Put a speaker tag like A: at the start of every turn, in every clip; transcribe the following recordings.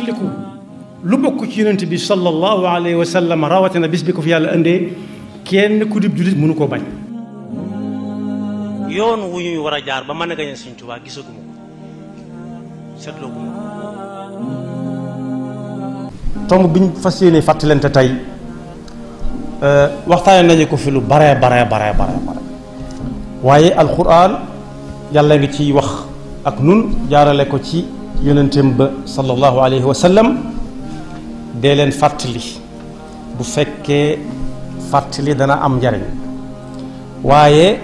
A: fàttaliku lu bokk ci yonent bi sallallahu alayhi wa sallam rawatina bis bi ko fi yàlla indee kenn ku dib jullit mënu koo bañ. yoon wu ñuy war a jaar ba mën a gañe Sëñ Tuubaa gisaguma ko seetlooguma ko. tomb bi ñu fas yéene fàttalante tey waxtaane nañu ko fi lu baree baree baree bare waaye alxuraan yàlla ngi ciy wax ak nun jaarale ko ci. yonenteem ba sallallahu alayhi wa sallam dee leen fàttali bu fekkee fàttali dana am njariñ waaye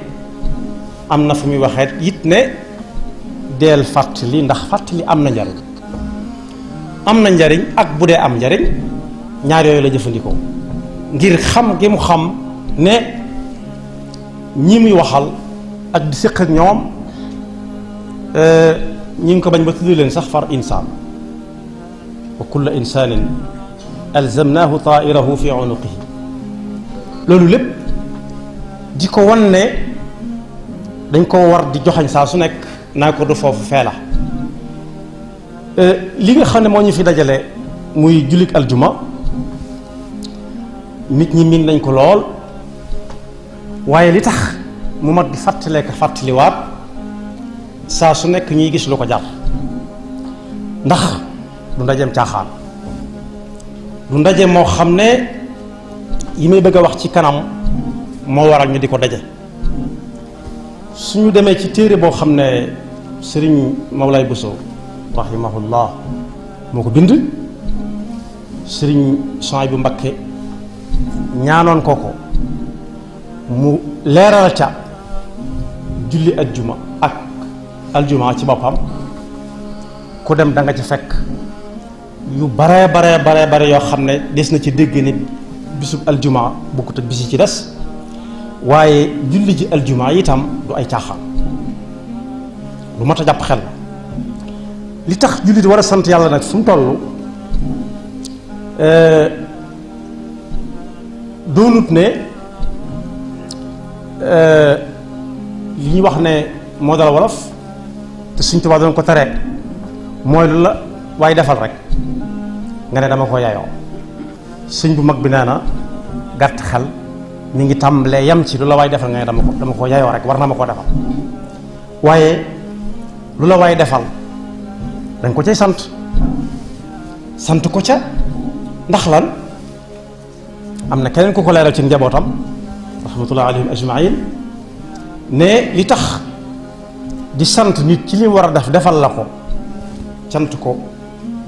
A: am na fu muy waxee it ne deel fàttali ndax fàttali am na njariñ am na njariñ ak bu dee am njariñ ñaar yooyu la jëfandikoo ngir xam gi mu xam ne ñi muy waxal ak di séq ak ñoom ñi ngi ko bañ ba tudd leen sax far insaan wa kulla insaanin alzamnaahu taairahu fi unuqihi loolu lépp di ko wan ne dañ ko war di joxañ saa su nekk naa ko du foofu feela li nga xam ne moo ñu fi dajale muy jullik aljuma nit ñi miin nañ ko lool waaye li tax mu mat di fàttaleeka fàttaliwaat saa su nekk ñuy gis lu ko jar ndax du ndajeem caaxaan du ndaje moo xam ne yi may bëgg a wax ci kanam moo waral ñu di ko daje suñu demee ci téere boo xam ne sëriñ Mawlay Bousso rahimahullah moo ko bind sëriñ Sohaybu bu Mbakke ñaanoon kooko mu leeral ca julli ak juma aljumaa ci boppam ku dem danga ci fekk yu bare bare bare bare yoo xam ne des na ci dégg ni bisub aljumaa bokkut ak bisi ci des waaye julli ji aljumaa itam du ay caaxaan lu mat a jàpp xel li tax jullit war a sant yàlla nag fu tollu toll eh, doonut ne eh, li ñu wax ne moo dal wolof te suñ tubaab doon ko teree mooy lu la waaye defal rek nga ne dama ko yaayoo suñ bu mag bi nee na gàtt xel mi ngi tàmbalee yam ci lu la waaye defal nga ne dama ko dama ko yaayoo rek war na ma koo defal waaye lu la waaye defal danga ko cay sant sant ko ca ndax lan am na keneen ku ko leeral ci njabootam rahmatullah alayhim ajmain ne li tax di sant nit ci li wara def defal la ko cant ko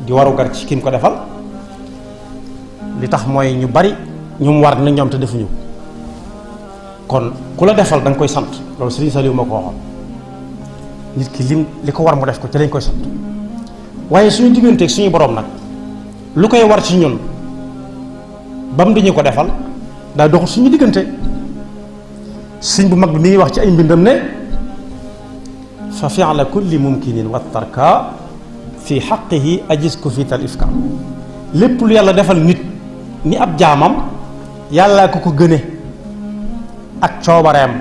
A: di waru gar ci kim ko defal li tax moy ñu bari ñum war na ñom te defuñu kon ku la defal dang koy sant lolou Serigne saliw mako ko nit ki lim liko war mu def ko ci lañ koy sant waye suñu ak suñu borom nak, lu koy war ci ñun bam diñu ko defal da dox suñu digënté sëñ bu mag bi mi ngi wax ci ay mbindam ne fa fiala kulli mumkinin wa tarka fi xaqihi ajis ku fiital ifka lépp lu yàlla defal nit ni ab jaamam yàlla ko ko gëne ak coobareem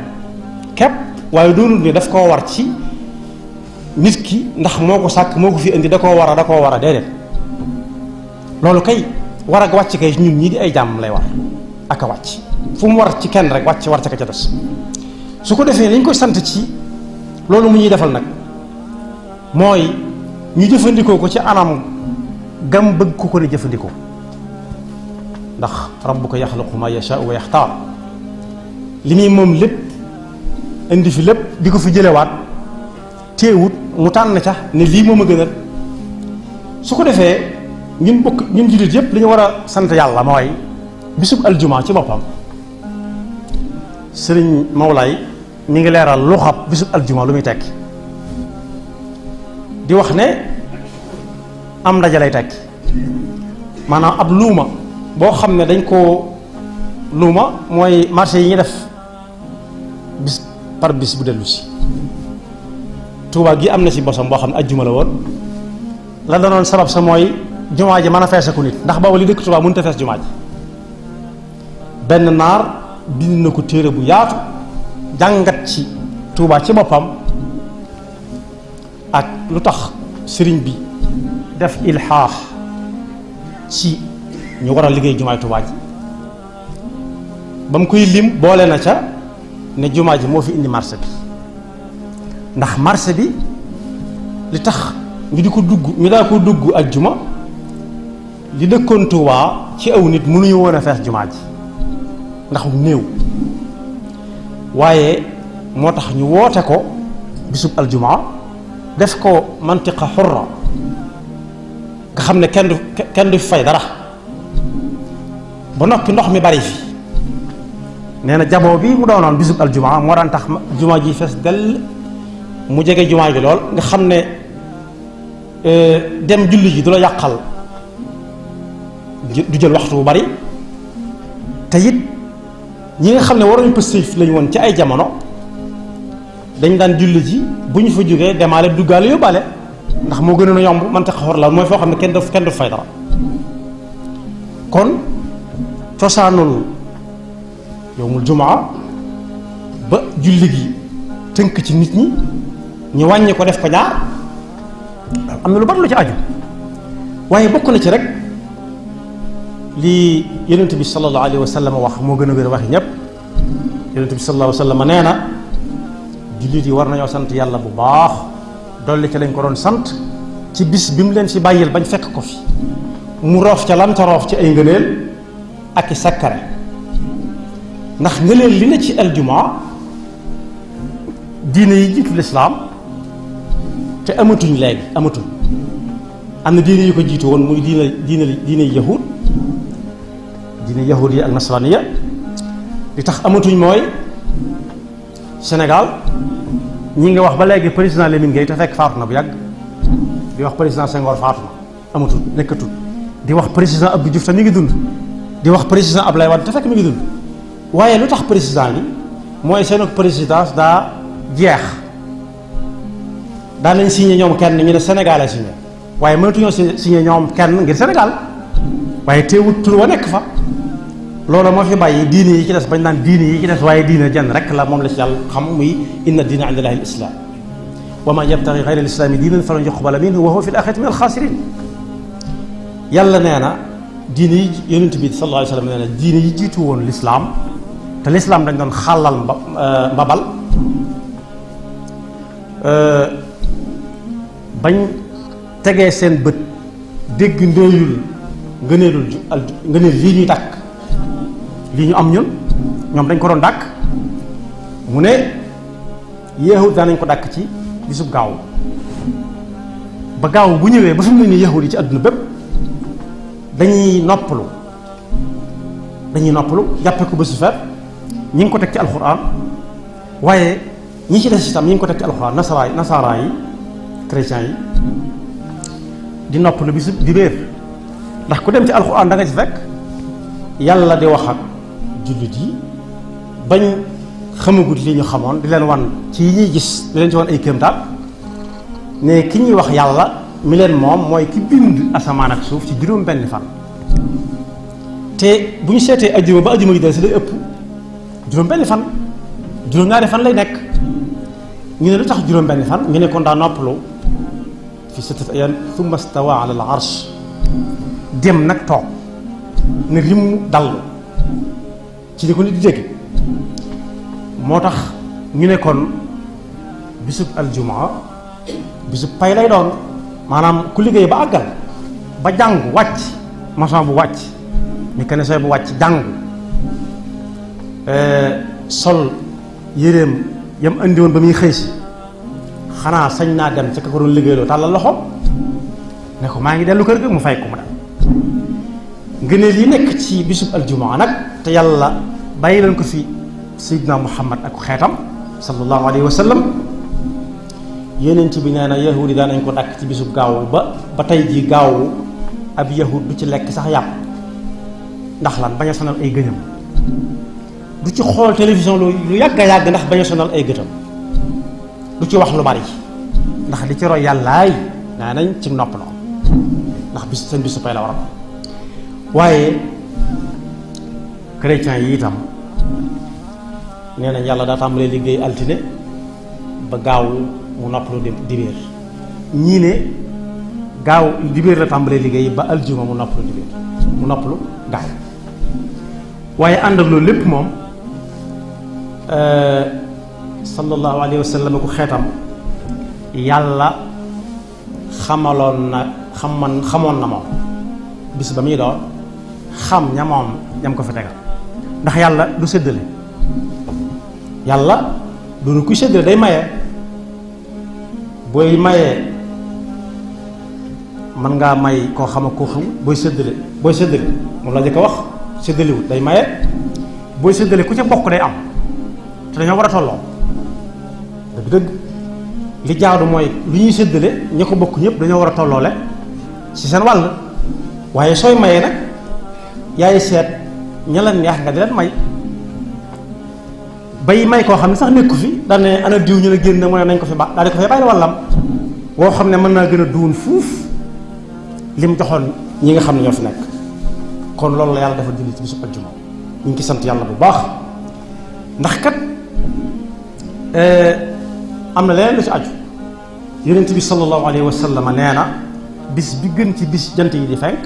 A: képp waaye doonul ne daf koo war ci nit ki ndax moo ko sàkk moo ko fi indi da koo war a da koo war a déedéet loolu kay war ak wàcc kay ñun ñi di ay jàmm lay war ak a wàcc fu mu war ci kenn rek wàcc war ca ka ca des su ko defee dañ koy sant ci loolu mu ñuy defal nag mooy ñu jëfandikoo ko ci anam gam bëgg ko ko ne jëfandikoo ndax rabbuka yaxluqu ma yashaa wa yaxtaar li muy moom lépp indi fi lépp di ko fi jëlewaat teewut mu tànn ca ne lii moom a gënal su ko defee ñun bokk ñun jullit yépp li ñu war a sant yàlla mooy bisub aljumaa ci boppam sëriñ Mawlaay mi ngi leeral luxab bisub aljuma lu muy tekki di wax ne am ndaje lay tekki maanaam ab luuma boo xam ne dañ koo luuma mooy marché yi ñuy def bis par bis bu dellu si Tuubaa gi am na si bosam boo xam ne aljuma la woon la danoon sabab sa mooy jumaa ji mën a feesaku nit ndax booba li dëkk Tuubaa mun a fees jumaa ji benn naar bind na ko téere bu yaatu jàngat ci Touba ci bopam ak lutax serigne bi def ilhah ci ñu war liggey juma jumaay Touba ji bam koy lim bolé na ca ne juma ji mo fi indi marché bi ndax marché bi li tax ñu diko dugg ñu da ko dugg ak juma li dekkon Touba ci aw nit mënu ñu a fees juma ji ndax néew waye motax ñu wote ko bisub aljuma def ko mantiqa hurra nga xamne kenn kenn du fay dara bu noppi ndox mi bari fi neena jabo bi mu doonon bisub aljuma mo ran tax juma ji fess del mu jégué juma ji lol nga xamne euh dem julli ji du la yàqal du jël waxtu bu bari tayit ñi nga xam ne waruñu passif lañu woon ci ay jamono dañ daan julli ji bu ñu fa jógee demaale duggaale yóbbaale ndax moo gënoon a yomb man te la mooy foo xam ne kenn daf kenn daf fay dara kon cosaanul yowmul jumaa ba julli gi tënk ci nit ñi ñu wàññi ko def ko ñaar am na lu bari lu ci aju waaye bokk na ci rek lii yonent bi sallallahu alayhi wa sallam wax moo gën a wér waxi ñëpp yonent bi sallallahu alayhi wa sallam nee na jullit yi war nañoo sant yàlla bu baax dolli ca lañ ko doon sant ci bis bi mu leen fi bàyyil bañ fekk ko fi mu roof ca lam ca roof ci ay ngëneel ak i sakkare ndax ngëneel li ne ci aljuma diine yi jiitu lislaam te amatuñ léegi amatuñ am na diine yu ko jiitu woon muy diine diine diine yahud dina yahudiya ak nasraniya li tax amatuñ moy senegal ñi nga wax ba léegi président Lamine Gueye ta fek fatuna bu yag di wax président Senghor fatuna amatuñ amatul di wax président Abdou Diouf ta mi ngi dund di wax président Ablaye wad ta fek mi ngi dund waye lu tax président bi mooy seen présidence daa jeex da lañ signé ñom kenn ñu ne Sénégal signé waye mënatu mënatuñoo signé ñom kenn ngir Sénégal waye téwul tur wa fa loolu moo fi bàyyi diine yi ci des bañ naan diine yi ci des waaye diine jan rek la moom la ci yàlla xam muy inna diina inda llaahi lislaam wa man yabtagi gayra lislaami diinan falan yuqbala minhu wa huwa fi l-aaxirati min al yàlla nee na diine yi yonent bi sallallaahu alayhi wa sallam nee na diine yi jiitu woon lislaam te lislaam dañ doon xàllal mba mbabal bañ tegee seen bët dégg ndóoyul ngëneelul ju al ngëneel lii ñuy tàkk li ñu am ñun ñom dañ ko doon dak mu ne yahud nañ ko dak ci bisub gaaw ba gaaw bu ñëwee ba fi mu ne nii yahud ci aduna bëpp dañuy noppalu dañuy noppalu jappé ko bisu fa ñi ngi ko tek ci alquran ñi ci dess tam ñi ngi ko tek ci alquran nasara nasara yi chrétien yi di noppalu bisu di béer ndax ku dem ci alquran da nga ci fekk yalla di wax jullit yi bañ xamagut li ñu xamoon di leen wan ci yi ñuy gis di leen ci wan ay kéemtaan ne ki ñuy wax yàlla mi leen moom mooy ki bind asamaan ak suuf ci juróom benn fan te bu ñu seetee ajjuma ba ajjuma ji dal si lay ëpp juróom benn fan juróom ñaari fan lay nekk ñu ne lu tax juróom benn fan ñu ne kon daa noppalu fi sittati ayyam thumma stawa ala al arsh dem nag toog ne lim dallu ci li ko nit di dégg moo tax ñu nekkoon kon bisub aljumaa bisub pay lay doon maanaam ku liggéey ba àggal ba jàng wàcc maçon bu wàcc mécanicien bu wàcc jàng eh, sol yéreem yam andi woon ba muy xëy si xanaa sañ naa dem ca ka ko doon liggéeyloo tàllal loxo ne ko maa ngi dellu kër ga mu fay ko mu dem ngëneel yi nekk ci bisub aljumaa nag te yàlla bàyyi leen ko fi muhammad ak xeetam sallallahu alayhi wa sallam yonent bi nee na yahud nañ ko dàkk ci bisub gaaw ba ba tey ji gaaw ab yahud du ci lekk sax yàpp ndax lan bañ a sonal ay gëñam du ci xool télévision lu lu yàgg yàgg ndax bañ a sonal ay gëtam du ci wax lu bari ndax li ci roy yàllaay naa nañ ci ndax bis seen bisu pay la war waye chrétien yi tam neena yàlla da tambalé liggéey altine ba gaaw mu noppalu dibéer ñi ne gaaw dibéer la tambalé liggéey ba aljuma mu noppalu dibéer mu noppalu gaaw waye ànd ak loolu lépp euh sallallahu alayhi wasallam ko xétam yàlla xamalon na xaman xamoon na moom bis ba muy doon xam ña moom ñam ko fa tegal ndax yàlla du séddale yàlla du kuy séddale day maye booy maye mën ngaa may koo xam ak koo xamul booy séddale booy séddale moom la jëkk wax séddalewut day maye booy séddale ku ca bokk day am te dañoo war a tolloo dëgg-dëgg li jaadu mooy lu ñuy séddale ña ko bokk ñëpp dañoo war a tolloole ci seen wàll waaye sooy maye nag yaay seet ña la neex nga di leen may bay may koo xam ne sax nekku fi daan ne ana diw ñu la génn mu ne nañ ko fi ba daal di ko fay bàyyi wàllam woo xam ne mën naa gën a duun fuuf lim joxoon ñi nga xam ne ñoo fi nekk kon loolu la yàlla dafa dindi ci bisu aljuma ñu ngi sant yàlla bu baax ndax kat eh, am na leneen lu ci aju yonent bi sallallahu alayhi wa sallam nee na bis bi gën ci bis jant yi di fenk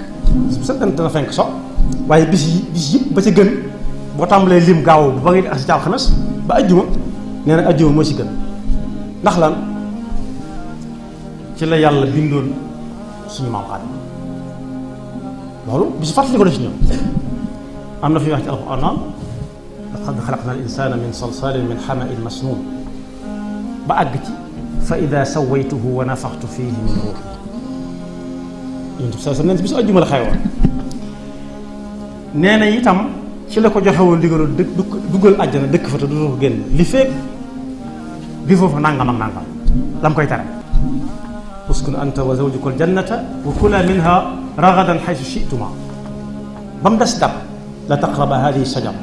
A: bis bi sa jant dana fenk so waaye bis yi bis yëpp ba ci gën boo tàmbalee lim gaaw ba ngay asi ci alxames ba ajjuma nee na ajjuma moo ci gën ndax lan ci la yàlla bindoon suñu maam aadama loolu bisu fàttali ko la ci ñoom am na fi wax ci alxuraan naan laqad xalaqna al insana min salsalin min xamain masnun ba àgg ci fa ida sawaytuhu wa nafaxtu fihi min ruuxi yéen bi bisu ajjuma la xewoon neena itam ci la ko joxe woon ndigalul dë duggal àjjana dëkk fa te du ko génn li fekk bi foofu nangam ak nangam la koy tere uskun anta wa zawjuka aljannata wa kula minha ragadan haythu shi'tuma bam mu des dab la taqraba hadhihi shajar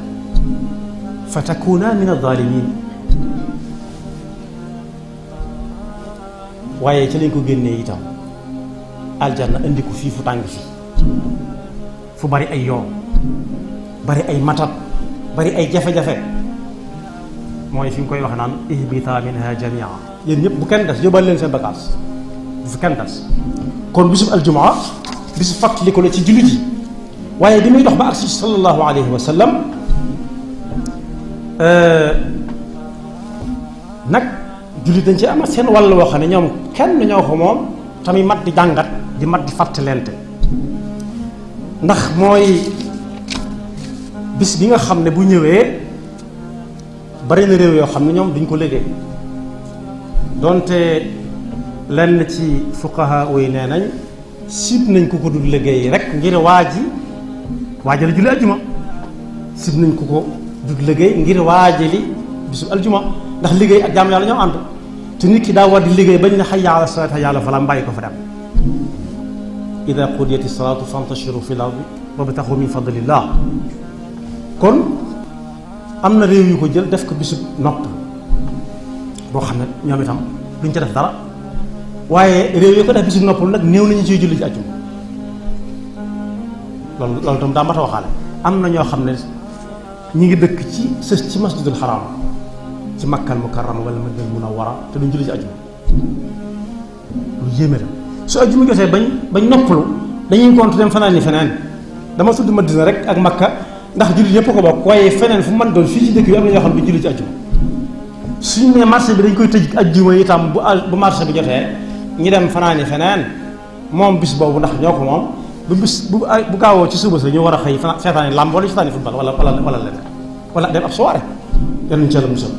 A: fa takuna min adh-dhalimin waye ci lañ ko génné itam aljanna indi ko fii fu tàng fi fu bari ay yoon bari ay matat bari ay jafe-jafe mooy fi nga koy wax naan ihbita minha jamia yéen ñëpp bu kenn des yóbbal leen seen bagage bu fi kenn des kon bisub aljumaa bisu fàttaliku la ci jullit yi waaye di muy dox ba agsi sallallahu alayhi wa sallam euh, nag jullit dañ ci amat seen wàll woo xam ne ñoom kenn ñoo ko moom tamit mat di jàngat di mat di fàttalente ndax mooy bis bi nga xam ne bu ñëwee bari na réew yoo xam ne ñoom duñ ko liggéey donte lenn ci fuqaha yi nee nañ sib nañ ko ko dul liggéey rek ngir waa ji la julli aljuma sib nañ ko ko dul liggéey ngir li bisu aljuma ndax liggéey ak jaamu yàlla ñoo ànd te nit ki daa war di liggéey bañ ne hayya ala salaat hayya ala falaa mbàyyi ko fa dem ida qudiyati salaatu fantashiru fi l ardi wabtaxu min fadlillah kon am na réew yu ko jël def ko bisub nopp boo xam ne ñoom itam duñ ca def dara waaye réew yi ko def bisub nopp nag néew nañu ciy julli ci àjjuma daa mat a am na ñoo xam ne ngi dëkk ci sës ci masjidul xaraam ci makkal mukarrama wala madinal munawwara te duñ julli ci àjjuma lu yéeme la su àjjuma jotee bañ bañ noppalu dañuy gont dem fanaan yi feneen dama tudd Madina rek ak Makka ndax jullit yëpp ko bokk waaye feneen fu man doon fii ci dëkk bi am na ñoo xam ne jullit ci àjjuma suñu ne marché bi dañ koy tëj àjjuma itam bu bu marché bi jotee ñu dem fanaani feneen moom bis boobu ndax ñoo ko moom bu bis bu bu gaawoo ci suba sa ñu war a xëy seetaani làmb wala seetaani football wala wala wala leneen wala dem ab soirée yal nañu ci Yàlla musal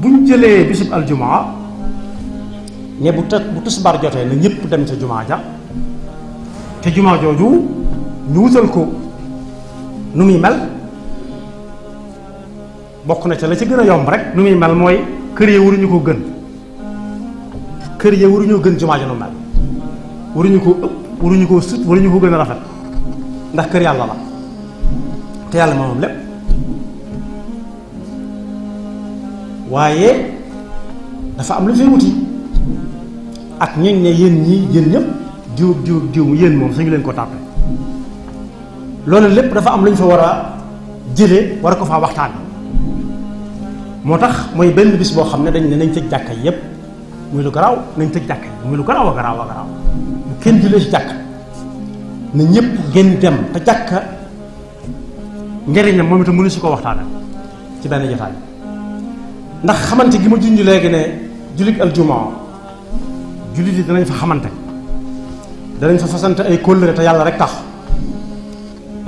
A: buñ jëlee bisub aljumaa ne bu ta bu tisbaar jotee na ñëpp dem ca jumaa ja te jumaa jooju ñu wutal ko nu muy mel bokk na ca la ci gën a yomb rek nu muy mel mooy kër yi waruñu ko gën kër ya waruñoo gën jumaa ja nu mel waruñu ko ëpp waruñu koo sut waruñu ko gën a rafet ndax kër yàlla la te yàlla moom lépp waaye dafa am lu fi wuti ak ñeñ ne yéen ñii yéen ñëpp diw diw diw yéen moom suñu leen ko tàppe loolu lépp dafa am lañ fa war a jëlee war ko faa waxtaan moo tax mooy benn bis boo xam ne dañ ne nañ tëj jàkka yépp muy lu garaaw nañ tëj jàkka muy lu garaaw a garaaw a garaaw lu kenn jullee ci jàkka na ñëpp gën dem te jàkka njëriñam moom itam mënu si ko waxtaanal ci benn jotaay xamante gi ma junj léegi ne jullit aljuma jullit yi danañ fa xamante danañ fa fasante ay kóllëre te yàlla rek tax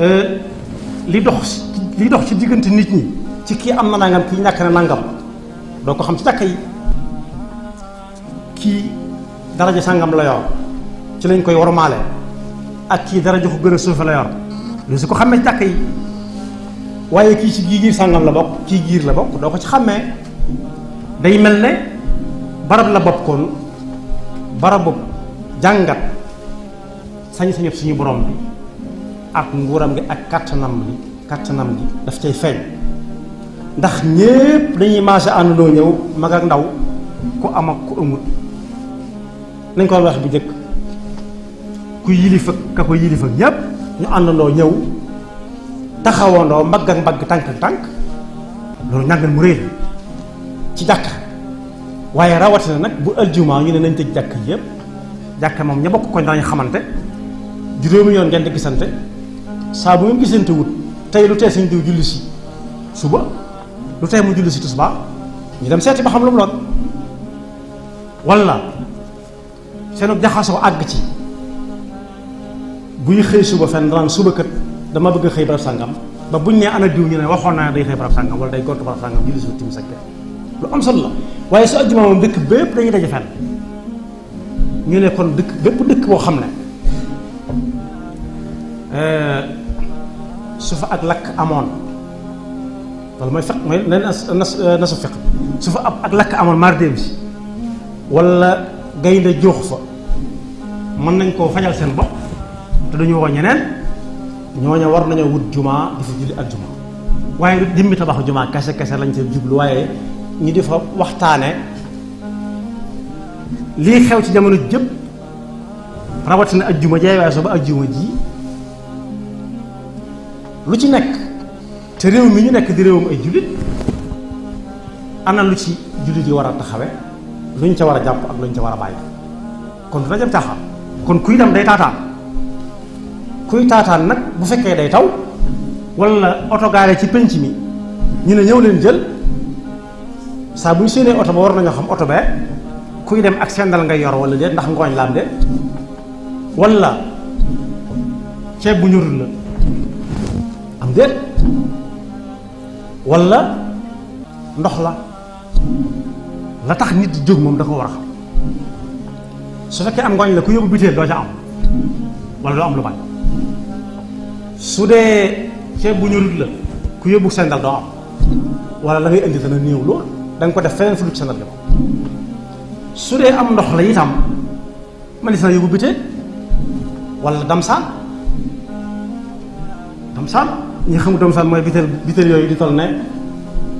A: Euh, li dox li dox ci diggante nit ñi ci kii am na nangam kii ñàkk na nangam doo ko xam ci jàkka yi kii daraja sàngam la ci lañ koy wormaale ak kii daraja ko gën a suufe la lu si ko xamee ci yi waaye kii ci giir sàngam la bokk kii giir la bokk doo ko ci xàmmee day mel ne barab la bopp kon barabu jàngat sañ-sañu suñu borom bi ak nguuram gi ak katanam gi katanam gi daf cay feeñ ndax ñepp dañuy and do ñew mag ak ndaw ku am ak ku amut nañ ko wax bu jekk ku yilif ak ka ko yilif ak ñepp ñu do ñew taxawono mag ak mag tank tank tànk ñangal mu reel ci ci waye rawat na nak bu aljuma ñu ne nañ tëj jàkk yépp jàkka mom ña ko koñ xamanté xamante juróomi yoon ngeen di gisante saa bu ngeen gisante wut tey lu tee sañ diw julli si suba lu tee mu julli si tisbaar ñu dem seeti ba xam lu mu doon wala seenu jaxasoo àgg ci buy xëy suba fenn daan suba kat dama bëgg a xëy barab sàngam ba buñ nee ana diw ñu ne waxoon naa day xëy barab sàngam wala day gont barab sàngam julli si wut timis ak lu am solo la waaye su àjjuma moom dëkk bépp dañuy daje fenn ñu ne kon dëkk bépp dëkk boo xam ne euh, su fa ak lakk amoon loolu mooy fekk ab ak lakk amoon marde bi wala gaynde jóox fa mën nañ koo fajal seen bopp te duñu woo ñeneen ñooña war nañoo wut jumaa di fa julli ak jumaa waaye dimbi tabaxu jumaa kese kese lañ ci jublu waaye ñu di fa waxtaane lii xew ci jamono jëpp rawatina ajjuma jaay waaye ak ajjuma ji lu ci nekk te réew mi ñu nekk di réewum ay jullit ana lu ci jullit yi war a taxawe luñ ca war a jàpp ak luñ ca war a bàyyi kon du dajab caaxaan kon kuy dem day taataan kuy taataan nag bu fekkee day taw wala oto gaare ci penc mi ñu ne ñëw leen jël saa bu ñu séenee oto ba war nañoo xam oto be kuy dem ak sendal ngay yor wala de ndax ngooñ laam de wala ceeb bu ñorul la am walla ndox la la tax nit di jóg moom da war a xam su fekkee am ngooñ la ku yóbbu biteel doo ca am walla doo am lu bañ su dee ceeb bu ñorut la ku yóbbu sendal doo am walla la ngay indi dana néew lool da ko def feneen fu dul sendal ga su dee am ndox la itam man na yóbbu biteel walla damsaan damsaan ñi xamul doomu saan mooy biteel biteel yooyu di toll ne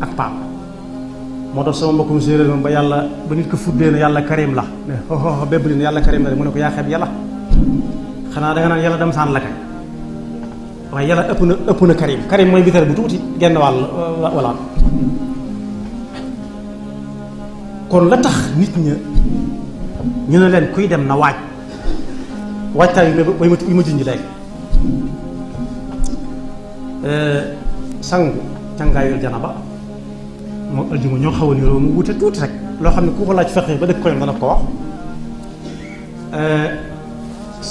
A: ak paam moo tax sama mbokkum séeréer moom ba yàlla ba nit ko fuddee ne yàlla karim la ne ho ho bébb leen yàlla karim la mu ne ko yaa xeeb yàlla xanaa da nga naan yàlla dem saan la waaye yàlla ëpp na ëpp na karim karim mooy biteel bu tuuti genn wàll walaam kon la tax nit ñi ñu ne leen kuy dem na waaj waajtaay yu ma yu ma junj léegi sangu cangaayul janaba moom aljuma ñoo xaw a niroo mu wute tuuti rek loo xam ne ku ko laaj fexe ba dëkk koy mën a ko wax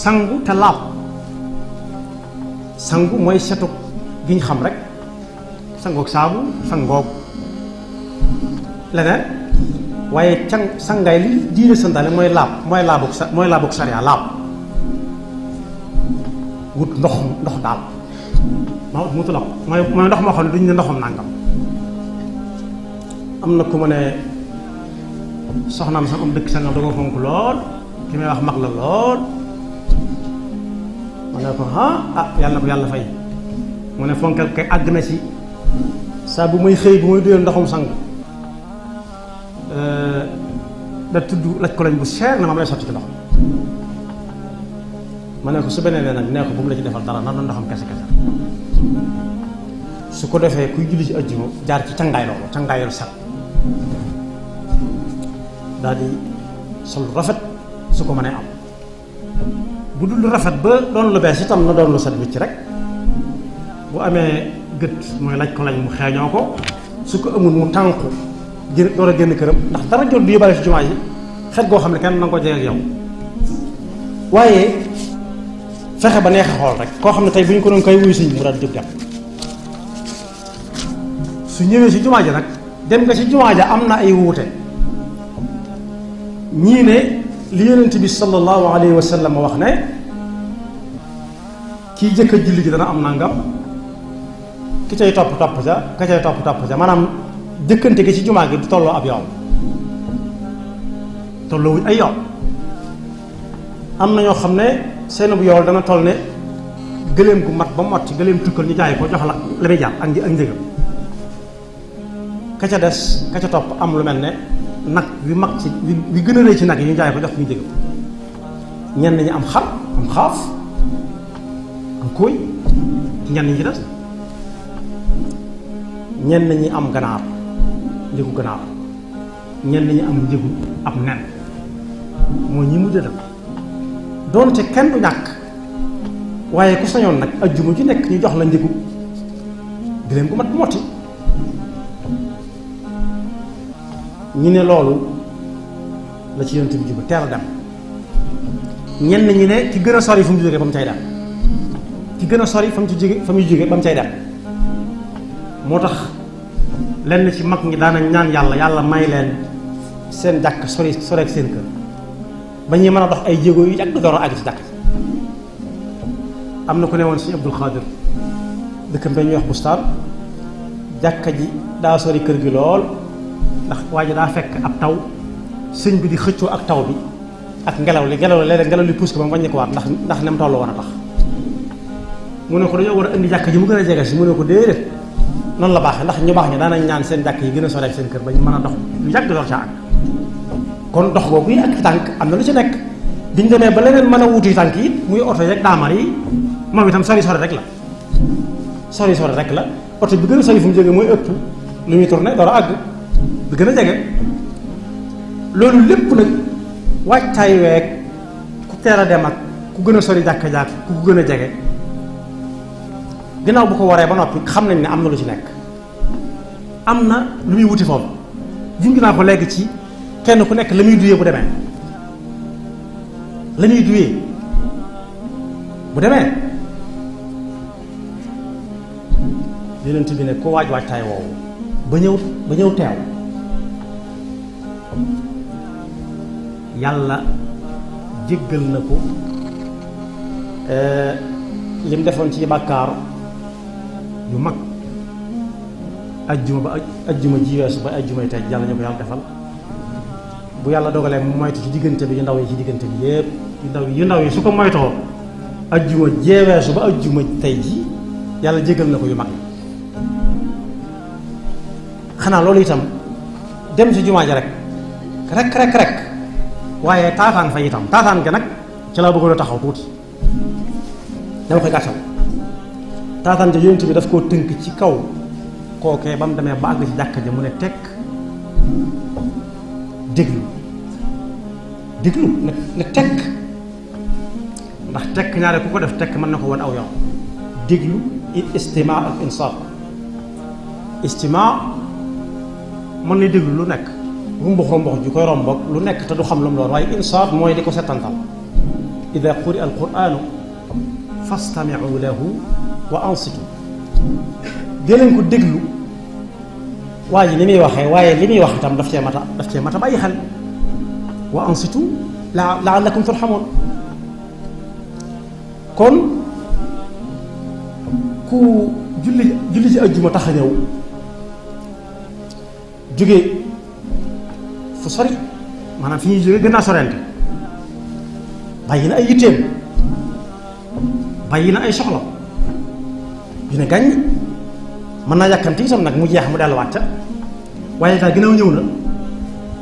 A: sangu te laab sangu mooy setu gi ñu xam rek sangoog saabu sangook leneen waaye can sangaay li diine santaane mooy laab mooy laabug sa mooy laabug sariya laab wut ndox ndox daal Mahmoud mutlaq mooy mooy ndox moo xam ne duñ ne ndoxam nangam am na ku ma ne soxnaam sax am dëkk sangam da nga fonk lool ki may wax mag la lool ma ne ko ah ah yàlla na ko yàlla fay mu ne fonkeel kay àgg na si sa bu may xëy bu may duyee ndoxam sang eh, da tudd laj ko bu seer na ma lay sotti ci ndox ma ne ko su beneen nag nee ko bu mu la ci defal dara na doon kese kese su ko defee kuy julli ci ajjuma jaar ci cangaay loolu cangaayal sag daal di sol rafet su ko mënee am bu dul rafet ba doon lu bees tam na doon lu set wicc rek bu amee gët mooy laj ko laj mu xeeñoo ko su ko amul mu tànku génn door génn këram ndax dara jot du yóbbaale ci jumaa yi xet goo xam ne kenn na nga ko jege yow waaye fexe ba neex a xool rek koo xam ne tey bu ñu ko doon koy wuyu suñ mu daal jóg dem su ñëwee si jumaa ja nag dem nga si jumaa ja am na ay wuute ñii ne li yonent bi sallallahu alayhi wa sallam wax ne ki jëkk jilli julli gi dana am nangam ki cay topp topp ca ka cay topp topp ca maanaam jëkkante gi ci jumaa gi du tolloo ab yoon tolloo wuñ ay yoon am na ñoo xam ne seen bu yool dana toll ne gëléem gu mat ba mot ci gëléem tukkal ñu jaay ko jox la la muy jaar ak ak njëgam ka ca des ka ca topp am lu mel ne nag wi mag ci wi gën a ci nag yi ñu jaay ko jox ko ñu njëgam ñenn ñi am xar am xaaf am kóoy ñenn ñi ci des ñenn ñi am ganaar njëgu ganaar ñenn ñi am njëgu ab nen mooy ñi mujj dem doonte kenn du ñàkk waaye ku soñoon nag ak ajjuma ju nekk ñu jox la njëgu gëléem gu mat motti ñu ne loolu la ci yonent bi juba teel a dem ñenn ñu ne ci gën a sori fa mu jógee ba mu cay dem ki gën a sori fa mu ci jóge fa muy jóge ba mu cay dem moo tax lenn ci mag ñi daana ñaan yàlla yàlla may leen seen jàkk sori soreek seen kër ba ñuy mën a dox ay jéego yu yàgg door a àgg ci jàkk am na ko ne woon sëñ Abdul Xaadir dëkkam dañuy wax bustaan jàkka ji daa sori kër gi lool ndax waa ji daa fekk ab taw sëñ bi di xëccoo ak taw bi ak ngelaw li ngelaw li léeg ngelaw li puus ko ba mu wàññi ko waat ndax ndax nem toll war a tax mu ne ko dañoo war a indi jàkka ji mu gën a jege si mu ne ko déedéet noonu la baaxee ndax ñu baax ñu daanañ ñaan seen jàkk yi gën a sori ak seen kër ba ñu mën a dox yu yàgg door kon dox boobu yi ak tànk am na lu ci nekk biñ demee ba leneen mën a wuutu tànk yi muy oto yeeg daamar yi moom itam sori sori rek la sori sori rek la oto bi gën a fu mu jógee mooy ëpp lu ñuy tourné door a àgg gën a jege loolu lépp nag waajtaay week ku teel dem ak ku gën a sori jàkka jàkk ku ku gën a jege ginnaaw bu ko waree ba noppi xam nañ ne am na lu ci nekk am na lu muy wuti foofu junj naa ko léegi ci kenn ku nekk la muy duyee bu demee la muy duyee bu demee yonent bi ne ko waaj waajtaay woowu ba ñëw ba ñëw teew yàlla jéggal na ko eh, li mu defoon ci bàkkaar yu mag ajjuma ba ajjuma ji weesu ba ajjumay tey yàlla ñu ko yàlla defal bu yàlla dogalee mu moytu ci diggante bi yu ndaw yi ci diggante bi yëpp yu yu ndaw yi su ko moytoo ajjuma jeeweesu ba ajjuma tey ji yàlla jégal na ko yu mag xanaa loolu itam dem ci jumaa ja rek rek rek rek waaye taasaan fa itam taasaan ga nag ci laa bëggoon a taxaw tuuti dama koy gàttal taasaan ja yonent bi daf koo tënk ci kaw kookee ba mu demee ba ci jàkka ja mu ne tekk déglu déglu na na tekk ndax tekk ñaare ku ko def tekk mën na ko woon aw yoon déglu istima ak insaaf istima mën na déglu lu nekk rumbox rombox ju koy romboog lu nekk te du xam lu mu doon waaye insaaf mooy di ko setantal ida quri al quranu fastamiu lahu wa ansitu dee leen ko déglu waa ji li muy waxee waaye li muy wax itam daf cee mata daf cee mata bàyyi xel wa ansitu la laallakum turhamun kon ku julli julli ci ajjuma tax a ñëw jóge fu sori maanaam fi ñuy jóge gën naa sorente bàyyi na ay yitteem bàyyi na ay soxla yu ne gàññ mën naa yàkkamti itam nag mu jeex mu delluwaat ca waaye état ginnaaw ñëw na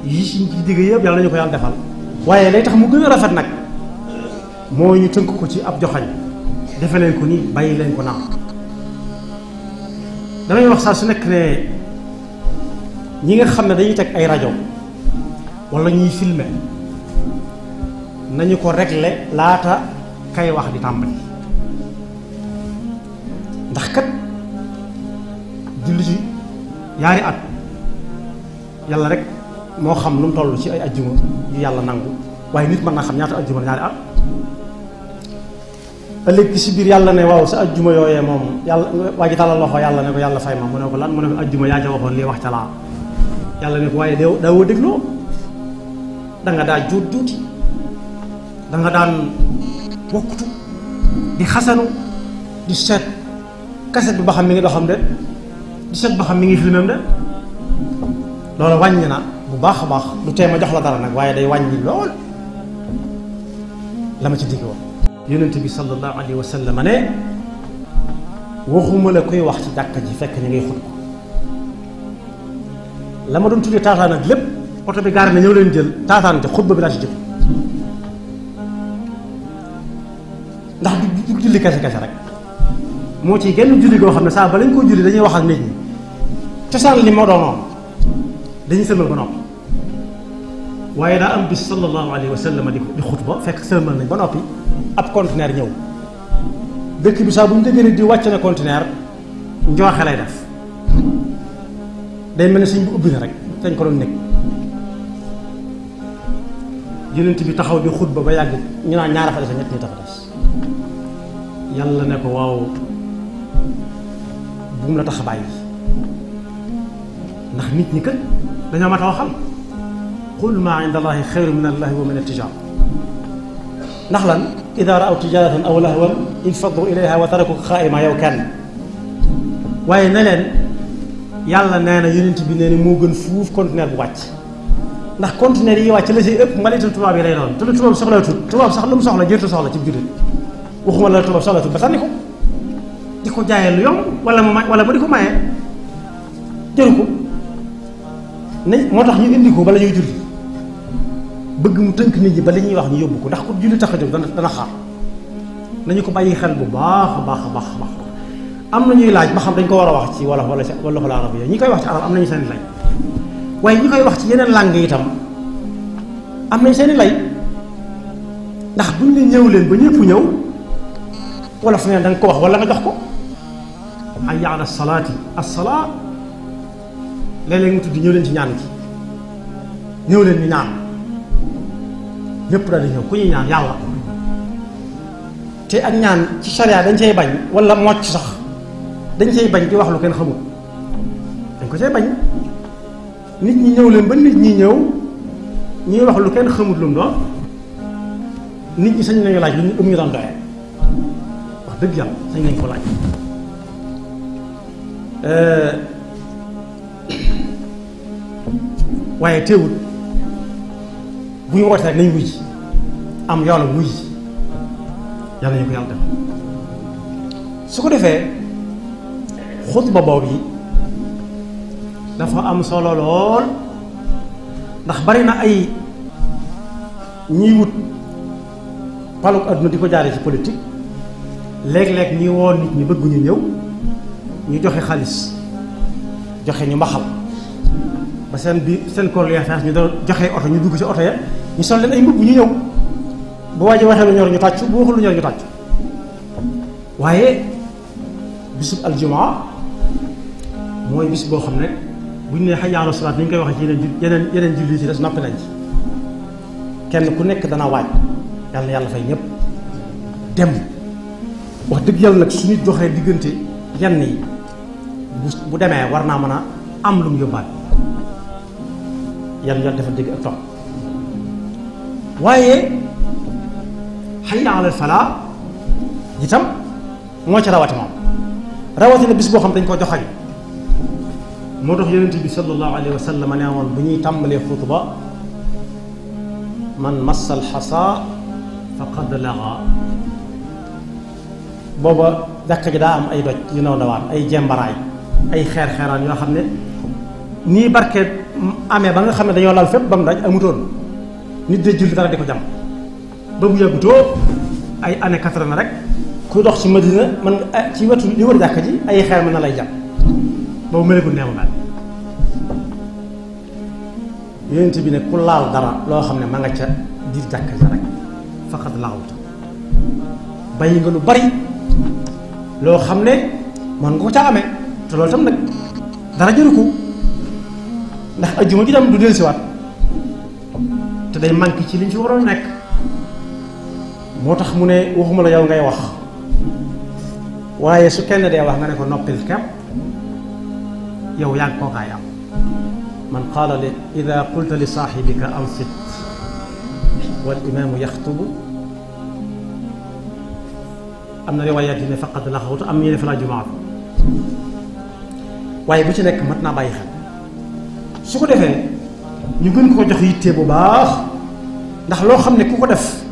A: yi ci digg yëpp yàlla ñu ko yàlla defal waaye lay tax mu gën a rafet nag moo ñu tënk ko ci ab joxañ defe leen ko nii bàyyi leen ko naaw damay wax saa su nekk ne ñi nga xam ne dañuy teg ay rajo wala ñuy filmer nañu ko régler laata kay wax di tàmbali ndax kat julli ci yaari at Yalla rek mo xam lu tollu ci ay aljuma yu yalla nangu waye nit man na xam ñaata ajjuma ñaari at ëllëg ci biir yalla ne waaw sa aljuma yoyé mom yalla waji tala loxo yalla ne ko yalla fay ma mu ne ko lan mu ne ko ajjuma yaa ca waxoon wax ca laa ne ko waye da wo deglo da nga da da nga daan bokku di xasanu di set kaset bu ba xam mi ngi doxam de di set ba xam mi ngi de loolu wàññi na bu baax a baax lu tee ma jox la dara nag waaye day wàññi lool la ma ci digg woon yonent bi sallallahu alayhi wa sallam ne waxuma la koy wax ci jàkka ji fekk ni ngay xut ko la ma doon tuddee taataan ak lépp oto bi gaar na ñëw leen jël taataan te xutba bi laa ci jël ndax du du julli kese kese rek moo ci genn julli goo xam ne saa ba lañ koo julli dañuy wax ak nit ñi cosaan li moo doonoon dañuy sëlmal ba noppi waaye daa am bis sallallahu alayhi wa sallam di di xutba fekk sëlmal nañ ba noppi ab conteneur ñëw dëkk bi saa bu ñu déggee di wàcc na conteneur njooxe lay def day mel ne suñ bu ubbi na rek dañ ko doon nekk yonent bi taxaw di xutba ba yàgg ñu naan ñaara fa des ñett ñu taxa a des yàlla ne ko waaw bu mu la tax a bàyyi ndax nit ñi kat dañoo mat a waxal qul maa inda allahi xayru min allahi wa min altijaara ndax lan ida raaw tijaratan aw lahwan infadu ilayha wa tarakuka xaa'ima yow kenn waaye ne leen yàlla nee na yonent bi nee na moo gën fuuf conteneur bu wàcc ndax conteneur yi wàcc la si ëpp malitu tubaab yi lay doon te lu tubaab soxla tut tubaab sax lu mu soxla jërtu soxla ci jullit waxuma la tubaab soxla tut ba sànni ko di ko jaayee lu yomb wala mu ma wala mu di ko maye jëru ko nañ moo tax ñu indi ko bala ñuy julli bëgg mu tënk nit ñi ba li ñuy wax ñu yóbbu ko ndax ku julli tax a jóg dana dana xaar nañu ko bàyyi xel bu baax a baax a baax a baax am nañuy laaj ba xam dañ ko war a wax ci wala wala wala wala arab ñi koy wax ci arab am nañu seen i lay waaye ñi koy wax ci yeneen langue itam am nañ seen i ndax buñ ne ñëw leen ba ñëpp ñëw wala fu neen da ko wax wala nga jox ko ay yaana salaati as léeg-léeg mu tudd ñëw leen ci ñaan gi ñëw leen ñu ñaan ñëpp daal di ñëw ku ñuy ñaan yàlla te ak ñaan ci charia dañ cay bañ wala mocc sax dañ cay bañ di wax lu kenn xamul dañ ko cay bañ nit ñi ñëw leen ba nit ñi ñëw ñuy wax lu kenn xamul lu doon nit ñi sañ nañu laaj lu ñu um ñu doon doyee wax dëgg yàlla sañ nañ ko laaj euh, waaye teewul bu ñu woote rek nañ wuy am yoon wuy yàlla ñu ko yàlla su ko defee ba boobu yi dafa am solo lool ndax bari na ay ñuy wut paluk adduna di ko jaaree ci politique léeg-léeg ñi woon nit ñi bëgg ñu ñëw ñu joxe xaalis joxe ñu mbaxal ba seen bi seen koor yaa fees ñu doon joxe oto ñu dugg si oto ya ñu sol leen ay mbubb ñu ñëw bu waa waxee lu ñor ñu tàccu bu waxul lu ñor ñu tàccu waaye bisub aljumaa mooy bis boo xam ne bu ñu nee xay yaanu salaat ni ñu koy waxee ci yeneen yeneen yeneen julli ci des noppi nañ ci kenn ku nekk dana waaj yàlla yàlla fay ñëpp dem wax dëgg yàlla nag su nit doxee diggante yenn yi bu bu demee war naa mën a am lu yóbbaat يلا يلا دفن ديك اطلع وايه حي على الفلاة يتم ما ترى واتم رواه النبي بوخم دنجو جوخاي موتوخ يونتي بي صلى الله عليه وسلم انا وان بني تام لي خطبه من مس الحصى فقد لغى بابا داك جي دا ام اي دوج ينو دوار اي جيمباراي اي خير خيران يو خامني ني بركه ame ba nga xam ne dañoo lal fépp ba mu daj amutoon nit de julli dara di ko jam ba mu yàggutoo ay année quatre-vingt rek ku dox ci Madina man ah, ci wetu li war jàkk ji ay xeer mën na lay jam boobu melagul bi ne ku laal dara loo xam ne ma nga ca di jàkk ja rek faqat laawut bàyyi nga lu bari loo xam ne mën nga ko caa amee te loolu tam nag dara jëru ndax aljuma ji tam du wat te day manki ci liñ ci waroon nekk motax tax mu ne waxuma la yow ngay wax waye su kenn day wax nga ne ko noppil kam yow yaa ko ka yam man qala li idha qulta li sahibika ansit wal imaamu yaxtubu am na riwaayaat yi ne faqad laxawtu am ni ne fa la jumaatu waaye bu ci nek mat naa bàyyi xel su ko defee ñu gën koo jox yitte bu baax ndax loo xam ne ku ko def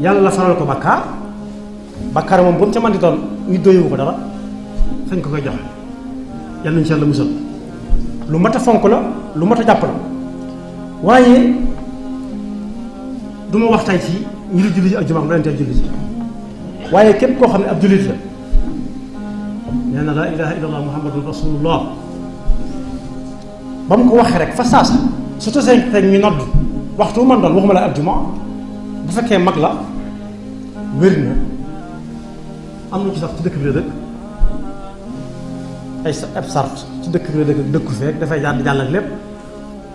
A: yàlla la faral ko bakka bakkaar moom bu mu ca mën di doon ñu doyewu ko dara fañ ko koy jox yàlla nañu ci yàlla musal lu mat a fonk la lu mat a jàpp la waaye du wax tey ci ñu di julli ji ak jumaam doonte julli ji waaye képp koo xam ne ab jullit la nee na laa ilaha illa allah muhammadun rasulullah bam ko wax rek fa saasa su to sen tek ñu nodd waxtu man dal waxuma la aljuma bu fekke mag la werna am na ci sax ci dëkk bi dëkk ay sa ab sart ci dëkk bi dekk dëkk fek da fay jàdd jàll ak lépp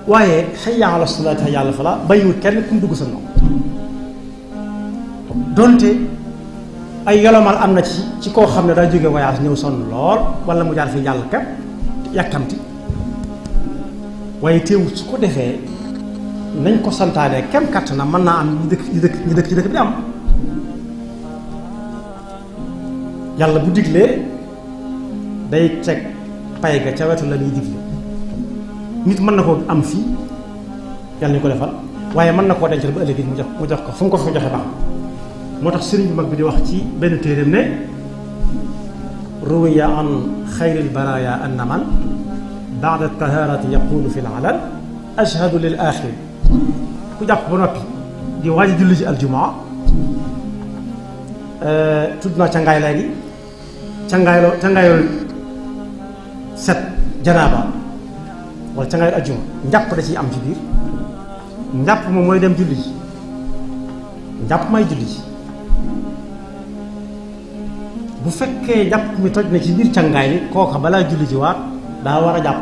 A: waye hayya ala salati xëy ala fala bayu kenn ku dugg sa nopp donte ay yolomal am na ci ci ko xamne da jóge voyage ñëw son lool wala mu jaar fi jàll kep yakamti waaye teewut su ko defee nañ ko santaane kem kattanam mën naa am ñu dëkk ñu dëkk ñu dëkk ci dëkk bi am yàlla bu diglee day teg pay ga ca wetu la ñuy digle nit mën na koo am fii yàlla ñu ko defal waaye mën na koo dencal ba ëllëg mu jox mu jox ko fu mu ko fu joxe baax moo tax sëriñ bu mag bi di wax ci benn téeréem ne ruwiya an xayril baraaya annaman بعد الطهارة يقول في العلن أشهد للآخر كدك بنبي دي واجد لجأ الجمعة أه تدنا تنغاي لاني تنغاي لو تنغاي لو ست جنابة ولا تنغاي الجمعة نجاب بدأتي أم جبير نجاب ممو يدم جلي نجاب ما يجلي بو فكي نجاب كمي توجنا جبير تنغاي لي كوكا بلا جلي جوار daa war a jàpp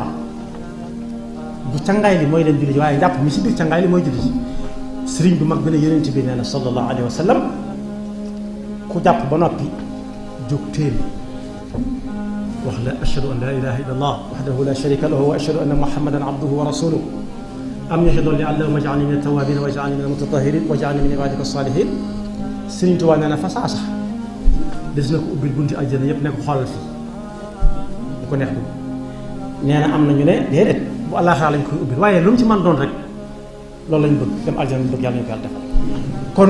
A: bu cangaay li mooy leen julli ji waaye njàpp mi si biir cangaay li mooy julli ji sëriñ bu mag bi ne yonent bi nee na sallallahu alayhi wa sallam ku jàpp ba noppi jóg téel wax la ashhadu an la ilaha illa allah wahdahu la sharika lahu wa ashhadu anna muhammadan abduhu wa rasuluhu am ña si dolli allahumma ij'alni min at-tawwabin wa ij'alni min al-mutatahhirin wa ij'alni min ibadika as-salihin sëriñ Tuubaa nee na fa saa sax des na ko ubbil bunti àjjana yëpp ne ko xoolal fii ko neex nee na am na ñu ne déedéet bu àllaaxira lañ koy ubbi waaye lu mu ci man doon rek loolu lañ bëgg dem aljana yàlla ñu ko yàlla defal kon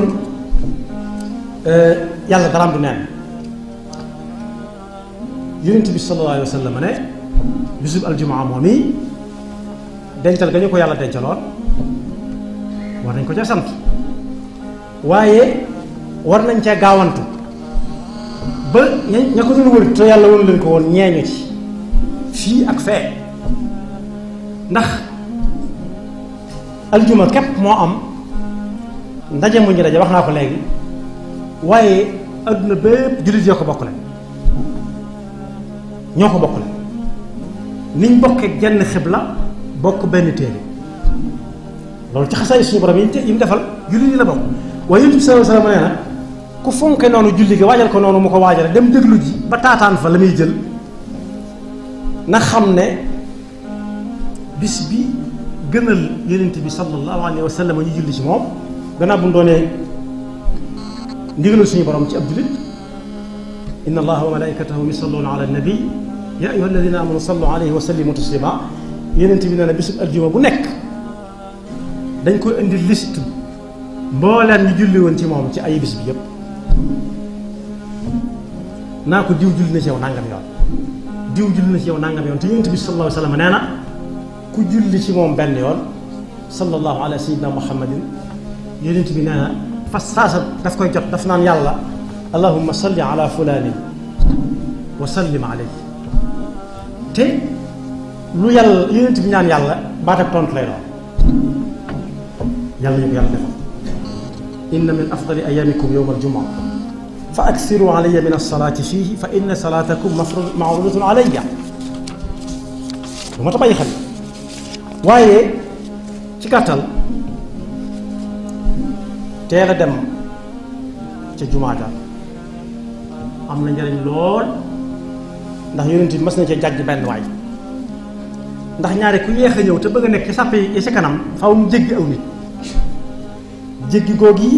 A: eh, yàlla daraam du neen yonent bi sallallahu alayhi wa aljumaa moom yi dencal ga ñu ko yàlla dencaloon war nañ ko ca sant waaye war nañ ca gaawantu ba ña ña ko doon wër te yàlla woon leen ko woon ñeeñu ci fii ak fee ndax aljuma képp moo am ndaje mu ñu daje wax naa ko léegi waaye adduna bépp jullit yoo ko bokk la ñoo ko bokk la niñ bokkee jenn xibla bokk benn téere loolu ci xasaay suñu borom yi mu defal jullit yi la bokk waaye yonent bi sallallahu alayhi wa sallam nee na ku fonke noonu julli gi waajal ko noonu mu ko waajale dem déglu ji ba taataan fa la muy jël na xam ne bis bi gënal yenent bi sallallahu alayhi wa sallam ñu julli ci moom gëna bu doone ndigal suñu borom ci ab julit ان الله وملائكته يصلون على النبي يا ايها الذين امنوا صلوا عليه وسلموا تسليما يننت بينا بسب الجمعه بو نيك دنجكو اندي ليست مبولان ني جولي وون سي موم سي اي بس بي ييب ناكو ديو جولنا سي نانغام يوت diw julli na ci yow nangam yon te yonent bi sallallahu alayhi wasallam neena ku julli ci mom ben yon sallallahu ala sayyidina muhammadin yonent bi nee na fas daf koy jot daf naan yàlla allahumma salli ala fulaanin wa sallim alayhi te lu yàlla yonent bi ñaan yàlla baat ak lay doon yàlla ñu yàlla defal inna min afdali ayamikum yowma aljumaa فأكثروا علي من الصلاة فيه فإن صلاتكم مفروض معروضة علي lu ma ta bàyyi xel waaye ci gàttal teel a dem ca jumaata am na njariñ lool ndax yonent bi mas na cee jàjj benn waay ndax ñaare ku yeex a ñëw te bëgg a nekk ci sàppe yi ci kanam faw mu jéggi aw nit jéggi googu yi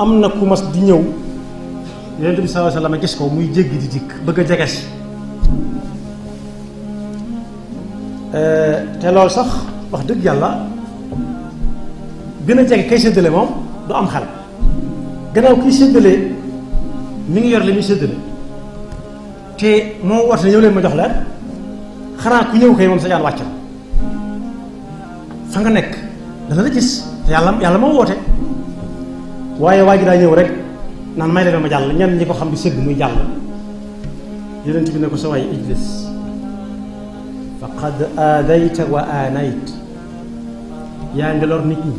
A: am na ku mas di ñëw yonent bi sallallahu alayhi gis ko muy jéggi di bëgg a jege si eh, loolu sax wax dëgg yàlla gën a jege kay séddale moom du am xel gannaaw kiy séddale mi ngi yor li muy séddale te moo war ne ñëw leen ma jox leen xanaa ku ñëw kay moom sa jaan wàcc na fa nga nekk dana la gis te yàlla yàlla moo woote waaye waa ji daa ñëw rek naan may leen ma jàll ñenn ñi ko xam di sëgg muy jàll yonent bi ne ko sa waay ijlis faqad aadayta wa aanayt yaa ngi nit ñi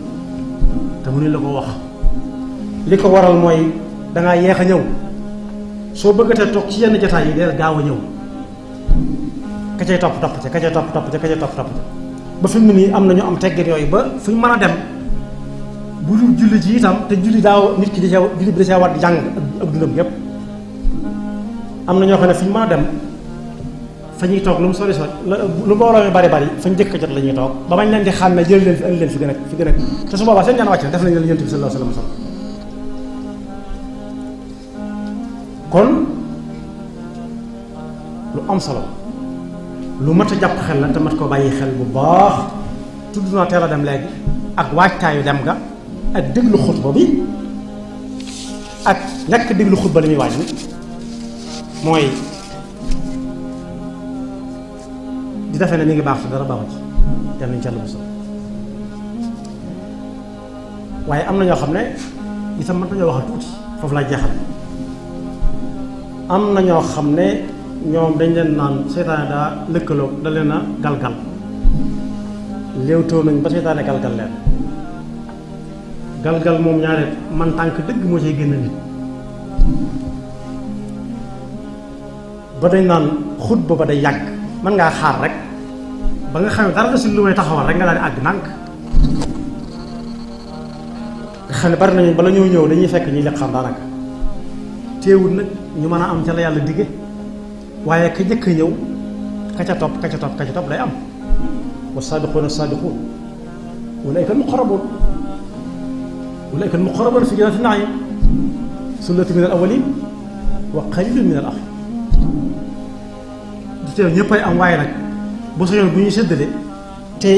A: te mënuñ la ko wax li ko waral mooy dangay yeex a ñëw soo bëggatee toog ci yenn jataay yi gaaw a ñëw ka cay topp topp ca ka cay topp topp ca ka cay topp topp ca ba fi nii am na ñu am teggin yooyu ba fu ñu mën a dem bu dul julli ji itam te julli daaw nit ki da cee julli bi da cee war di jàng ak dundam yépp am na ñoo xam ne fi ñu mën a dem fa ñuy toog lu mu sori sori lu mbooloo mi bari bari fa ñu jëkk jot la ñuy toog ba bañ leen di xàmme jël leen fi indi leen fi gën a fi gën a te su boobaa seen ñaan wàcc na def nañ leen yonent bi sallallahu alayhi wasallam kon lu am solo lu mat a jàpp xel la te mat ko bàyyi xel bu baax tudd naa teel dem léegi ak waajtaayu dem ga ak déglu xutba bi ak ñàkk déglu xutba li muy wàññi mooy di defe ne mi ngi baax te dara baaxu ci dem nañ ca waaye am na ñoo xam ne itam mën nañoo waxal tuuti foofu laa jeexal am na ñoo xam ne ñoom dañ leen naan seytaane daa lëkkaloo da leen a galgal léewtoo nañ ba seytaane galgal leen galgal moom ñaare man tànk dëgg moo cay génn nit ba dañ naan xutba ba day yàgg man ngaa xaar rek ba nga xam ne dara si lu may taxawal rek nga daal di àgg nànk nga xam ne bari nañu bala ñoo ñëw dañuy fekk ñuy lekk xam daanaka teewul nag ñu mën a am ca la yàlla digge waaye ka njëkk a ñëw ka ca topp ka ca topp ka ca topp day am wa saabiquuna أولئك المقربون في جنات النعيم سلة من الأولين وقليل من الآخرين du tee ñëppay am waaye nag bu soñoon bu ñuy séddale te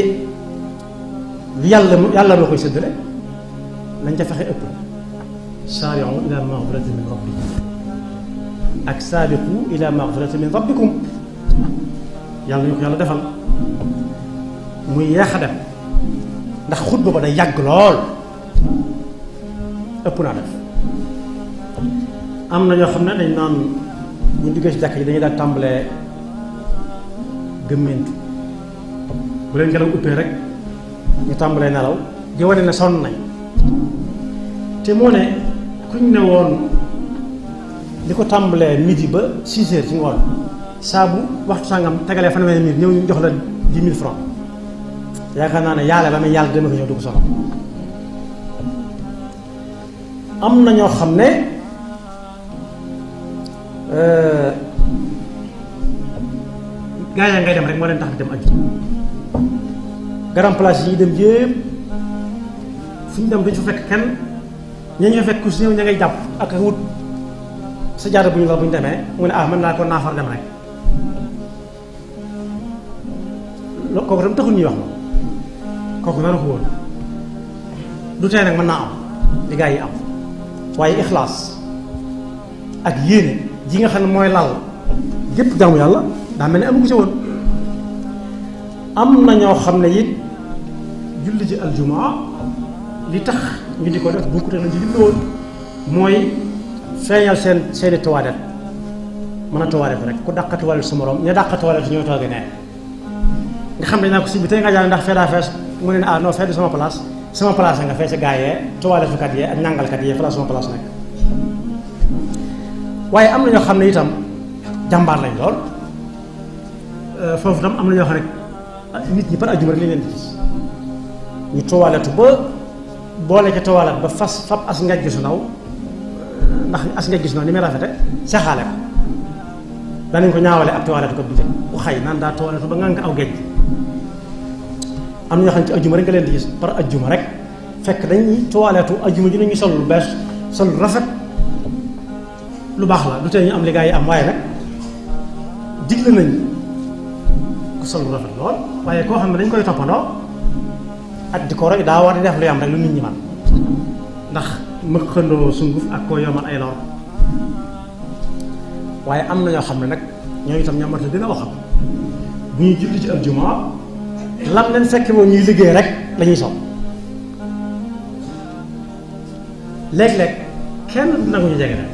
A: yàlla yàlla moo koy séddale lañ ca fexe ëpp saari'u ila maghfiratin min rabbikum ak saabiqu ila maghfiratin min rabbikum yàlla ñu ko yàlla defal muy yeex a dem ndax xutba ba day yàgg lool ëpp naa def am na ñoo xam ne dañ naan ñu duggee ci jàkk ji dañuy daal tàmbalee gëmmentu bu leen ngelaw uppee rek ñu tàmbalee nelaw di wane ne sonn nañ te moo ne kuñ ne woon li ko tàmbalee midi ba 6 ci ngoon saa bu waxtu sàngam tegalee fanweeri minute ñëw ñu jox la 10 000 francs yaakaar naa ne yàlla ba muy yàlla dama ko ñëw du ko am na ñoo xam ne euh, gaayaa ngay dem rek moo leen tax dem aju grand place yi dem yëpp fu ñu dem duñ fa fekk kenn ña ñoo fekk ku si ñëw ña ngay jàpp ak wut sa jaada bu ñu la bu ñu demee mu ne ah mën naa ko naafar dem rek kooku tam taxul ñuy wax ma kooku nana ko woon du tey nag mën naa am li gaa yi am waaye ixlaas ak yéene ji nga xam ne mooy lal gépp jaamu yàlla daa mel ne amu ko ci woon am na ñoo xam ne it julli ji aljumaa li tax ñu di ko def bokkute na ci julli woon mooy feeñal seen seeni tawaadat mën a tawaadat rek ku dàq tawaadat su morom ña dàq tawaadat ñoo toogee ne nga xam ne naa ko si bi tey nga jàll ndax fee daa fees mu ne ah non fee du sama place suma place nga fee sa gaa yee tuwaaletukat yee ak nàngalkat yee fa la sama nekk waaye am na ñoo xam ne itam jàmbaar lañ lool euh, foofu itam am na ñoo xam ne nit ñi par ajuma rek lañ leen di gis ñu tuwaaletu ba boole ca tuwaalet ba fas fab as ngaj gisu ndaw euh, ndax as ngaj gisu ndaw ni muy rafete saxaale ko danañ ko ñaawale ab tuwaaletukat bi de ku xay naan daa tuwaaletu ba nga nga aw géej am ñu xam ci ajjuma rek nga leen di gis par aljuma rek fekk dañuy toiletu ajjuma ji nañu sol lu bes sol rafet lu baax la du tay ñu am li gaa am waye nak digle nañ ko sol lu rafet lool waye ko xam dañ koy topano ak di ko roy da war def lu yam rek lu nit ñi man ndax ma xëndo sunguf ak ko yomal ay lor waye am na ñoo xam nak nag ñoo itam ñamata dina waxam bu ñu julli ci aljuma lam leen fekk woon ñuy liggéey rek lañuy ñuy sol léeg-léeg kenn nangu ñu jege na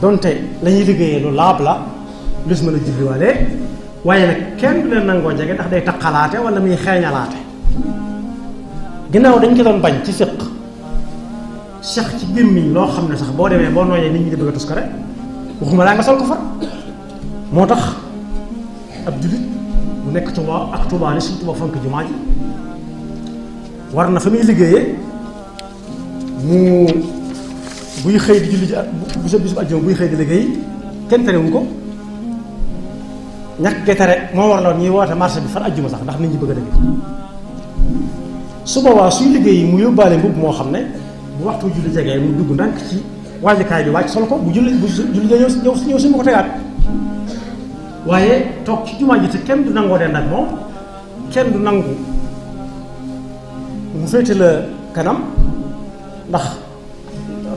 A: donte la liggéeyee lu laab la lu si mën a jubluwaale waaye nag kenn du leen nangoo jege ndax day taqalaate wala muy xeeñalaate ginnaaw dañ ko doon bañ ci fiq sax ci gémmiñ loo xam ne sax boo demee boo nooyee nit ñi di bëgg a tus ko rek waxuma laa nga sol ko far moo tax ab jullit nekk Touba ak Touba ni suñ Touba fonk jumaa ji war na fa muy liggéeyee mu buy xëy di julli ji bu sa bisub àjjuma buy xëy di liggéey kenn terewuñ ko ñàkk tere moo war la ñuy woote marché bi far àjjuma sax ndax nit ñi bëgg su boobaa suy liggéey mu yóbbaale mbubb moo xam ne bu waxtu julli jegee mu dugg ndànk ci waajukaay bi waaj sol ko bu julli bu julli ñëw ñëw ñëw si ma ko tegaat waaye toog ci jumaa ji te kenn du nangoo dend ak moom kenn du nangu mu féete la kanam ndax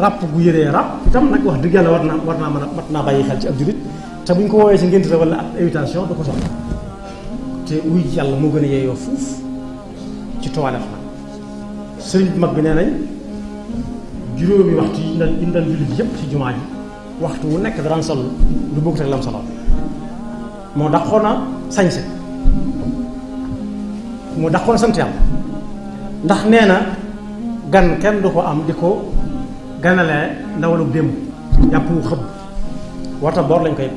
A: ràpp gu yëree ràpp itam nag wax dëgg yàlla war naa war naa mën a mat naa bàyyi xel ci ab jullit te bu ñu ko woowee si ngénte la wala ab invitation du ko soxla te wuy yàlla moo gën a yeeyoo fuuf ci toilette nag sëriñ bi mag bi nee nañ juróomi waxtu yi ñu daan jullit yépp ci jumaa ji waxtu wu nekk daraan sol lu bokk rek lam solo moo dàqoon a sañse moo dàqoon a sant yàlla ndax nee na gan kenn du ko am di ko ganalee ndawalu démb yàpp wu xëbb warta boor lañ koy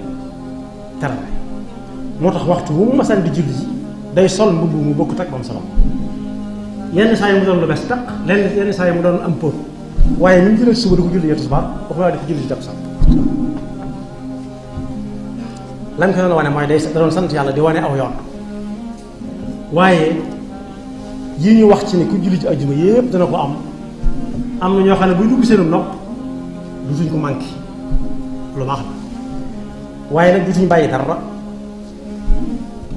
A: terale moo tax waxtu wu mu masaan di julli ji day sol mbubb mu bokkut ak bam solom yenn saa yi mu doon lu bees taq yenn saa yi mu doon am póot waaye ñu mu jëlee suba di ko julli ñetti tisbaar waxuma laa di ko julli ji takkusaan lan ko la wane moy day da don sant yalla di wane aw yoon waye yi ñu wax ci ni ku julli ci aljuma yépp dana ko am am na ñoo xam bu buy dugg seenum du suñ ko manki lu baax waye nak du suñ bayyi dara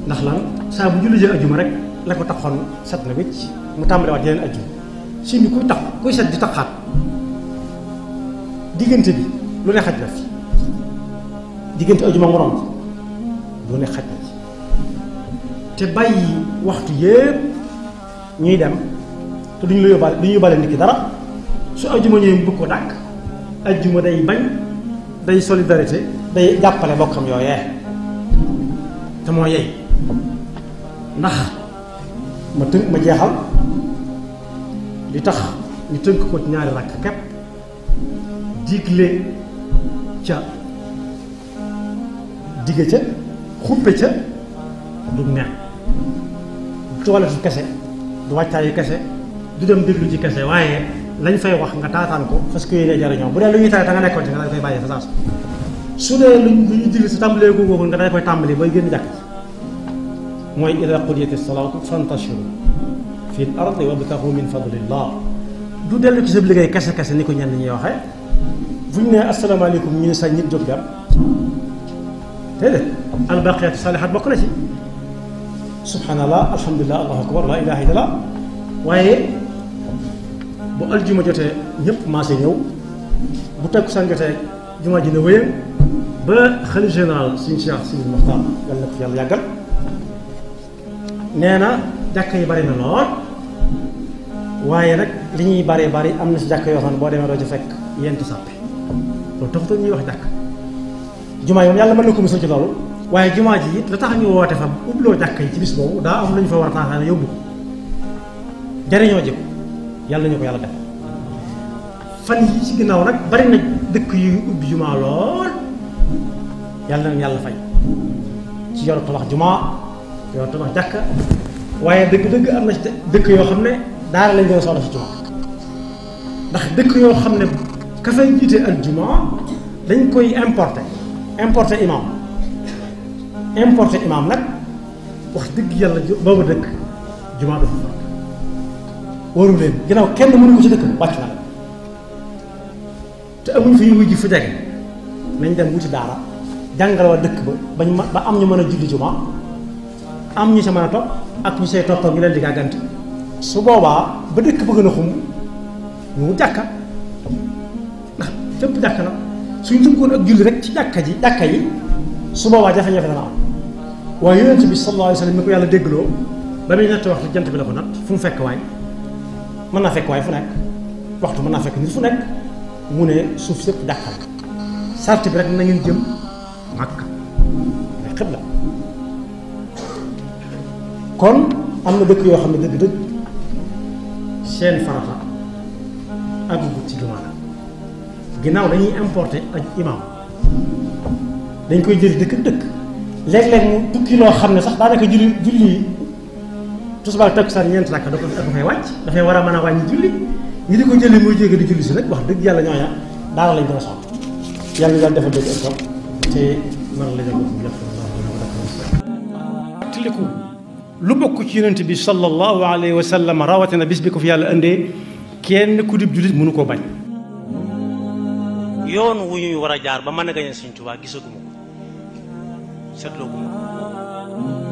A: ndax lan sa bu julli ci aljuma rek la ko taxon sat na wécc mu tàmbale wat yeen aljuma ci ni ku tax ku sat di taxat diggante bi lu ne xaj na fi diggante ajjuma morom lu ne xaj na ci te bàyyi waxtu yépp ñuy dem te duñu la yóbbaale duñu yóbbaale nit ki dara su ajjuma ñëwee bëgg ko dàkk ajjuma day bañ day solidarité day jàppale bokkam yooyee te moo yey ndax ma tënk ma jeexal li tax ñu tënk ko ci ñaari rakk kepp digle ca dige ca xuppe ca du nen toole su kese du wàccaayu kese du dem déglu ci kese waaye lañ fay wax nga taataan ko parce que yéen a jariñoo bu dee lu ñuy tere da nga nekkoon ci nga dañ koy bàyyi fa saa su dee lu ñu digli si tàmbalee googu nga dañ koy tàmbali bay génn jàkk mooy ida qudiyati salaatu fantashiru fi l ardi wabtahu min fadlillah du dellu ci sa liggéey kese kese ni ko ñenn ñi waxee bu ñu nee asalaamaaleykum ñu ne sa nit هذا الباقيات الصالحات بقرتي سبحان الله الحمد لله الله اكبر لا اله الا الله واي بو الجيما جوتي نيب ما سي نيو بو تك سان جوتي جيما جي نوي با خلي جنرال سين شيخ سين مختار قال لك يلا ياغال نينا داكاي باري نا لور لك رك لي ني باري باري امنا داكاي يوسان بو ديمو جو فك يين تصابي تو تختو ني وخ داكاي juma yi yàlla mën na ko musal ci loolu waaye juma ji it la tax ñu woote fa ubloo jàkka yi ci bis boobu daa am lu fa war a taaxaane yóbbu ko jariñoo ji ko yàlla ñu ko yàlla def fan yi ci ginnaaw nag bari na dëkk yu ubbi juma lool yàlla nañ yàlla fay ci yor tabax juma yor tabax jàkk waaye dëgg-dëgg am na ci dëkk yoo xam ne daara lañ doon soxla ci juma ndax dëkk yoo xam ne ka fay jiite al juma dañ koy importer importé imam importé imam nag wax dëgg yàlla booba dëkk jumaa dafa fàtt waru leen kenn mënu ko ci dëkk wàcc na la te amuñ fi wuy ji fu jege nañ dem wuti daara jàngale waa dëkk ba bañ ma ba am ñu mën a julli jumaa am ñu sa mën a topp ak ñu say toppal ñu leen di gàgganti su boobaa ba dëkk bëgg na xumb ñu jàkka fépp jàkka na suñ tënkoon ak julli rek ci jàkka ji jàkka yi su boobaa jafe-jafe dana am waaye yonent bi sallallahu alayhi wa sallam mi ko yàlla jant bi la ko natt fu waay mën naa fekk waxtu mën naa fekk nit fu mu ne suuf sëpp dàkkal sart bi rek na am na dëkk yoo xam ne dëgg-dëgg seen farata àggugul ci jumaa ginnaaw dañuy importer ak imam dañ koy jëli dëkk dëkk léeg-léeg mu tukki loo xam ne sax daanaka julli julli yi tusbaar takkusaan ñeenti rakk da ko da wàcc dafay war a mën a wàññi julli ñi di ko jëli muy jéega di julli si nag wax dëgg yàlla ñooña daara lañ doon soxla yàlla yàlla defal dëgg ak sopp te man la jàpp tiliku lu bokk ci yonent bi sallallahu alayhi wa sallam na bis bi ko fi yàlla indee kenn ku dib jullit mënu koo bañ yoon wu ñuy war a jaar ba mën a gañe Sëñ Tuubaa gisaguma ko seetloo